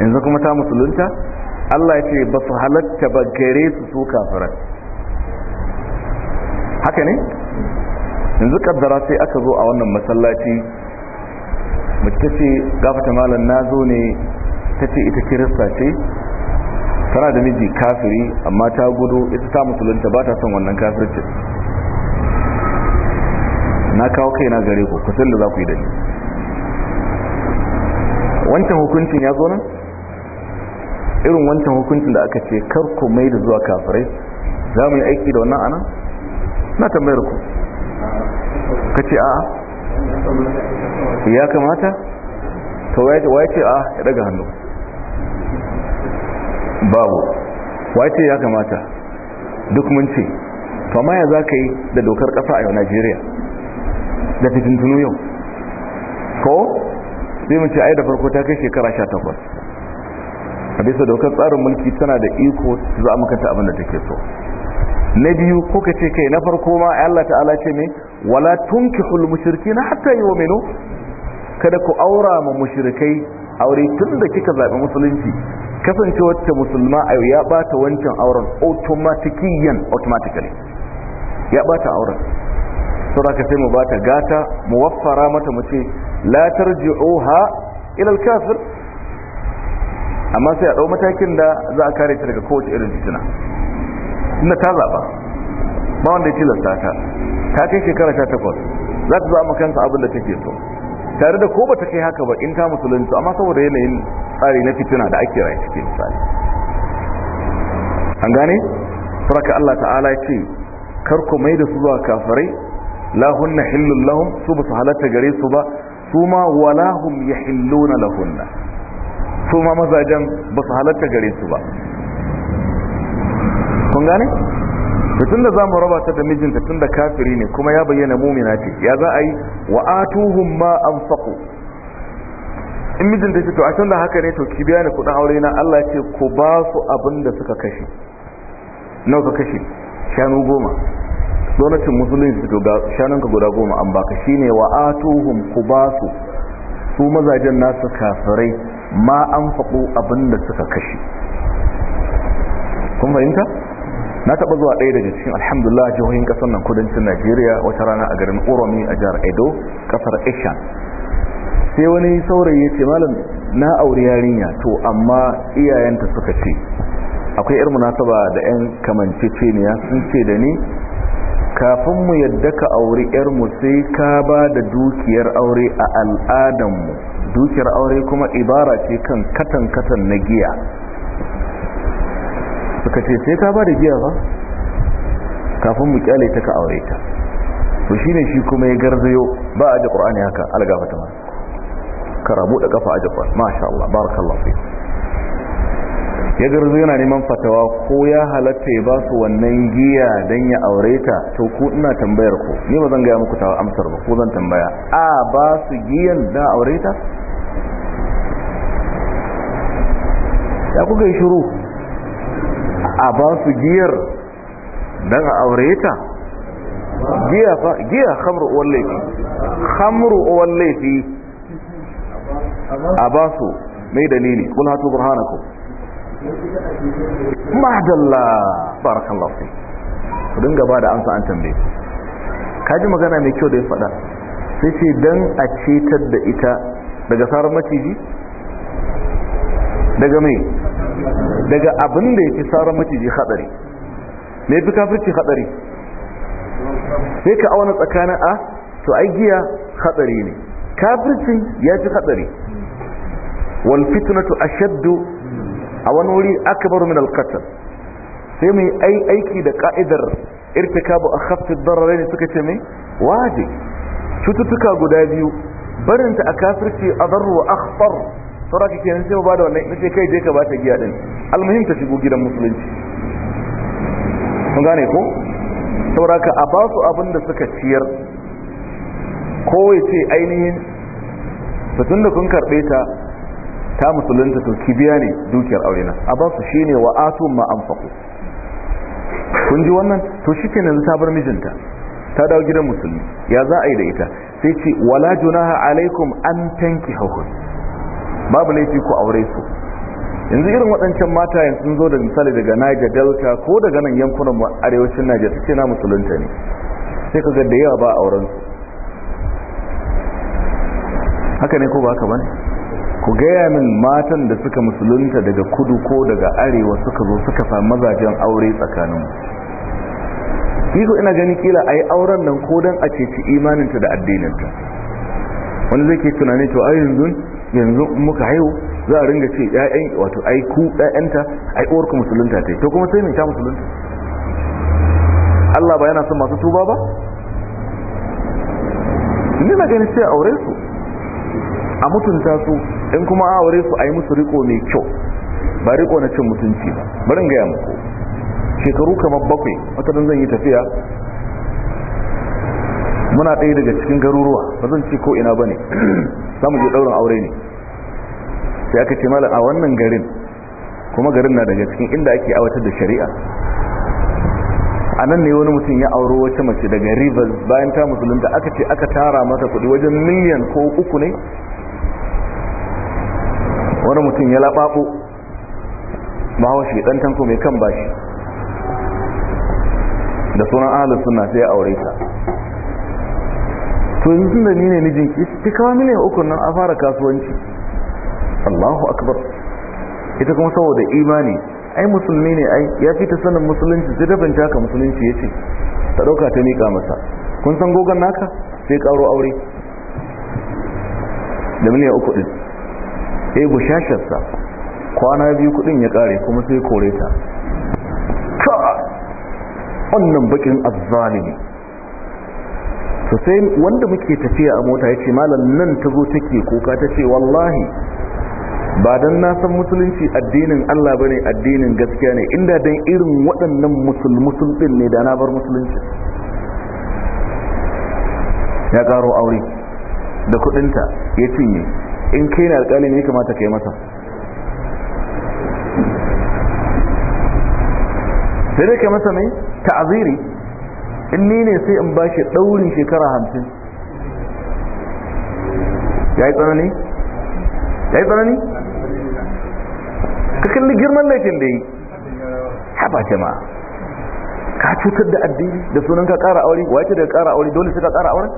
yanzu kuma ta musulunta Allah ya ce ba su halatta ba gare su su kafiran haka ne yanzu kaddara sai aka zo a wannan masallaci mace ce gafata malam na zo ne ta ce ita kirista ce tana da miji kafiri amma ta gudu ita ta musulunta ba ta son wannan kafircin na kawo kai na gare ku kusan da za ku yi da ni wancan hukuncin ya zo nan irin wancan hukuncin da aka ce kar ku mai da zuwa kafirai za mu yi aiki da wannan ana na tambayar ku ka ce a ya kamata ta waye ce a ya daga hannu babu waye ce ya kamata duk mun ce to ma ya za ka yi da dokar kasa a yau najeriya da fitintunu yau ko zai mun ce yi da farko ta kai shekara 18 a bisa dokar tsarin mulki tana da iko su za ta abin da take so na biyu ko ka ce kai na farko ma Allah ta'ala ce ne wala tunkihul mushrikina hatta yu'minu kada ku aura ma mushrikai aure tun da kika zabi musulunci kasance wacce musulma ayo ya bata wancan auren automatically automatically ya bata auren saboda ka sai mu bata gata mu waffara mata mu ce la tarji'uha ila al-kafir amma sai a ɗau matakin da za a kare ta daga kowace irin fitina ina ta zaɓa ba wanda ya tilasta ta ta kai shekara ta takwas za ta zama kansa abin da take so tare da ko ba ta kai haka ba in ta musulunci amma saboda yanayin tsari na fitina da ake rayu cikin tsari an gane faraka Allah ta'ala ce kar ku mai da su zuwa kafirai la hunna lahum su ba su halatta gare su ba su ma wala hum yahilluna lahunna su ma mazajen ba su halatta gare su ba kun gane da tun da za mu raba ta da mijinta tun da kafiri ne kuma ya bayyana mumina ce ya za a yi wa ma anfaqu in mijinta ce to a tun da haka ne to ki biya ni kudin aure na Allah ce ku ba su abin da suka kashe nawa ka kashe shanu goma musulun musulunci to ga ka guda goma an baka shine wa atuhum ku ba su su mazajen nasu kafirai ma an faɓo abin da suka kashe kun fahimta na taɓa zuwa ɗaya daga cikin alhamdulillah jihohin ƙasar nan kudancin najeriya wata rana a garin oromi a jihar edo ƙasar isha sai wani saurayi ya ce malam na auri yarinya to amma iyayenta suka ce akwai irin munasaba da 'yan kamanceceniya sun ce da ni kafin mu yadda ka auri 'yarmu sai ka ba da dukiyar aure a al'adanmu dukiyar aure kuma ibara ce kan katan-katan na giya suka ce sai ta ba da giya ba kafin mu kyale ta ka aure ta to shine shi kuma ya garzayo ba a ji qur'ani haka algafa ta mana karamu da kafa a jafa masha Allah barakallahu fi ya garzayo yana neman fatawa ko ya halatta ya ba su wannan giya don ya aure ta to ku ina tambayar ku ni ba zan gaya muku ta amsar ba ko zan tambaya a ba su giyan da aure ta Da kuka yi shiru a ba su giyar don a aure ta giya hamru uwar laifi hamru uwar laifi a ba su mai dalili kun hatu burhanaku madalla barakallahu fi ku dinga ba da amsa an tambaye kaji magana mai kyau da ya faɗa sai ce don a cetar da ita daga sarar maciji daga mai daga abin da ya fi sauran maciji hadari me fi kafirci hadari sai ka auna tsakanin a ah, to ai giya hadari ne kafirci ya fi hadari wal fitnatu ashaddu a wani wuri akbaru min al sai mai ai aiki da ka'idar irtikabu akhaffi ad ne suka ce mai waje cututtuka guda biyu barinta a kafirci adarru wa akhtar saura ka kenan sai mu bada wannan nace kai je ka bata giya din almuhim ta shigo gidan musulunci kun gane ko saura ka a ba su abin da suka ciyar ko ce ainihin to tunda kun karɓe ta ta musulunta to biya ne dukiyar aure na a ba su shine wa ato ma kun ji wannan to shi kenan ta bar mijinta ta dawo gidan musulmi ya za a yi da ita sai ce wala junaha alaikum an hukun babu laifi ku aure su yanzu irin waɗancan mata yanzu zo da misali daga niger delta ko daga nan yankunan arewacin niger suke na musulunta ne sai ka ga da yawa ba auren su haka ne ko ba ka bane ku gaya min matan da suka musulunta daga kudu ko daga arewa suka zo suka sa mazajen aure tsakanin Iko ko ina gani kila yi auren nan ko dan a ceci imaninta da addininta wani zai ke tunani to a yanzu yanzu muka haihu za a ringa ce 'ya'yan wato ai ku ƴaƴanta ai uwar ta ta yi. to kuma sai ne ta musulunta Allah ba yana son masu tuba ba ni na gani sai aure su a mutunta su in kuma a aure su ai musu riko mai kyau ba riko na cin mutunci ba bari ga muku shekaru kamar bakwai wata zan yi tafiya muna ɗaya daga cikin garuruwa ba zan ce ko ina ba ne za mu je ɗaurin aure ne sai aka ce malam a wannan garin kuma garin na daga cikin inda ake awatar da shari'a a nan ne wani mutum ya auro wacce mace daga rivers bayan ta musulun da aka ce aka tara mata kudi wajen miliyan ko uku ne wani mutum ya laɓaɓo mahawashi ɗan tanko mai kan bashi da sunan ahalar suna sai ya aure ta to yanzu da ni ne mijinki ta kawo uku nan a fara kasuwanci allahu akbar ita kuma saboda imani ai musulmi ne ai ya fi ta sanin musulunci sai dafin taka musulunci ya ce ta ɗauka ta miƙa masa kun san gogon naka sai ƙaro aure da miliyan uku ɗin ya eh, yi bushasharsa kwana biyu kuɗin ya ƙare kuma sai kore ta wannan bakin azzalimi su sai wanda muke tafiya a mota ya ce malam nan ta zo take kuka ta ce wallahi ba don na musulunci addinin Allah ba ne addinin gaskiya ne inda don irin waɗannan musulmusulɗin ne da na bar musulunci ya ƙaro aure da kuɗinta ya cinye in kai na alƙali ne kamata ka yi masa sai dai ka masa mai ta'aziri in ni ne sai in bashi daurin shekara hamsin ya yi tsanani? ya yi tsanani? ka kalli girman laifin da yi haba jama'a ka cutar da addini da sunan ka ƙara aure wace da ƙara aure dole sai ka ƙara aure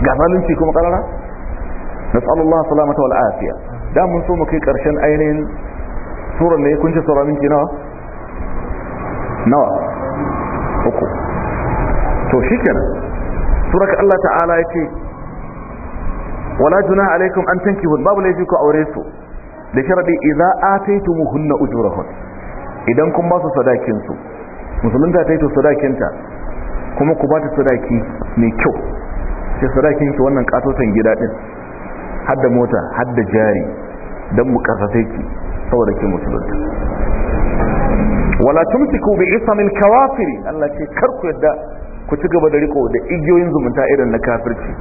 ga zalunci kuma na nas'alullah salamata wal afiya da mun so mu kai ƙarshen ainihin sura ne kun ji sauramin ki nawa nawa uku to shi kenan suraka Allah ta'ala ya ce wala juna alaikum an tankihun babu laifi ku aure su da sharadi idza ataytumuhunna ujurahun idan kun ba su sadakin su musulunta ta yi to sadakinta kuma ku ba ta sadaki mai kyau sai sadakin ki wannan katotan gida din har da mota har jari don mu karfafe ki saboda ke musulunta wala tumsiku bi isamin kawafiri Allah ce kar ku yadda ku ci gaba da riko da igiyoyin zumunta irin na kafirci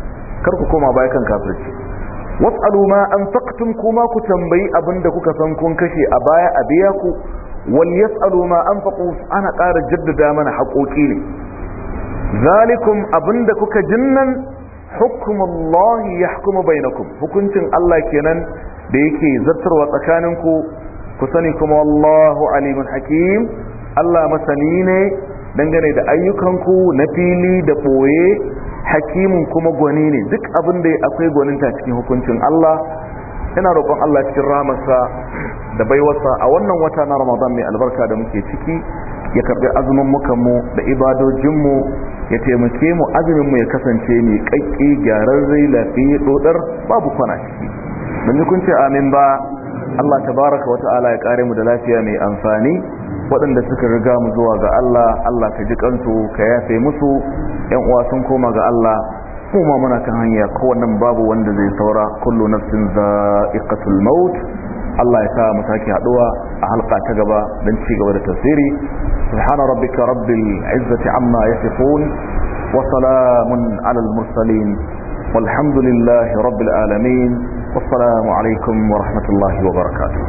kar ku koma baya kan kafirci was'alu ma anfaqtum kuma ku tambayi abin da kuka san kun kashe a baya a biya ku wal yas'alu ma anfaqu ana ƙara jaddada mana haƙoƙi ne zalikum abin da kuka jinnan ya hukuma bainakum hukuncin Allah kenan da yake zartarwa tsakaninku ku sani kuma wallahu alimun hakim Allah masani ne dangane da ayyukanku na fili da ɓoye hakimin kuma gwani ne duk abin da akwai gwaninta cikin hukuncin Allah ina roƙon Allah cikin ramarsa da baiwarsa a wannan wata na Ramadan mai albarka da muke ciki ya karɓi azumin mukanmu mu da ibadojinmu ya taimake mu azumin mu ya kasance mai gyaran gyararre lafiya dodar babu kwana ciki mun yi kunce amin ba Allah tabaraka wa ta'ala ya kare mu da lafiya mai amfani waɗanda suka riga mu zuwa ga Allah Allah ka ji kansu ka yafe musu yan uwa sun koma ga Allah kuma muna kan hanya kowannan babu wanda zai saura kullu nafsin za'iqatul maut Allah ya sa mu saki haduwa a halka ta gaba dan ci gaba da tafsiri subhana rabbika rabbil izzati amma yasifun wa salamun alal mursalin walhamdulillahi rabbil alamin wassalamu alaikum wa rahmatullahi wa barakatuh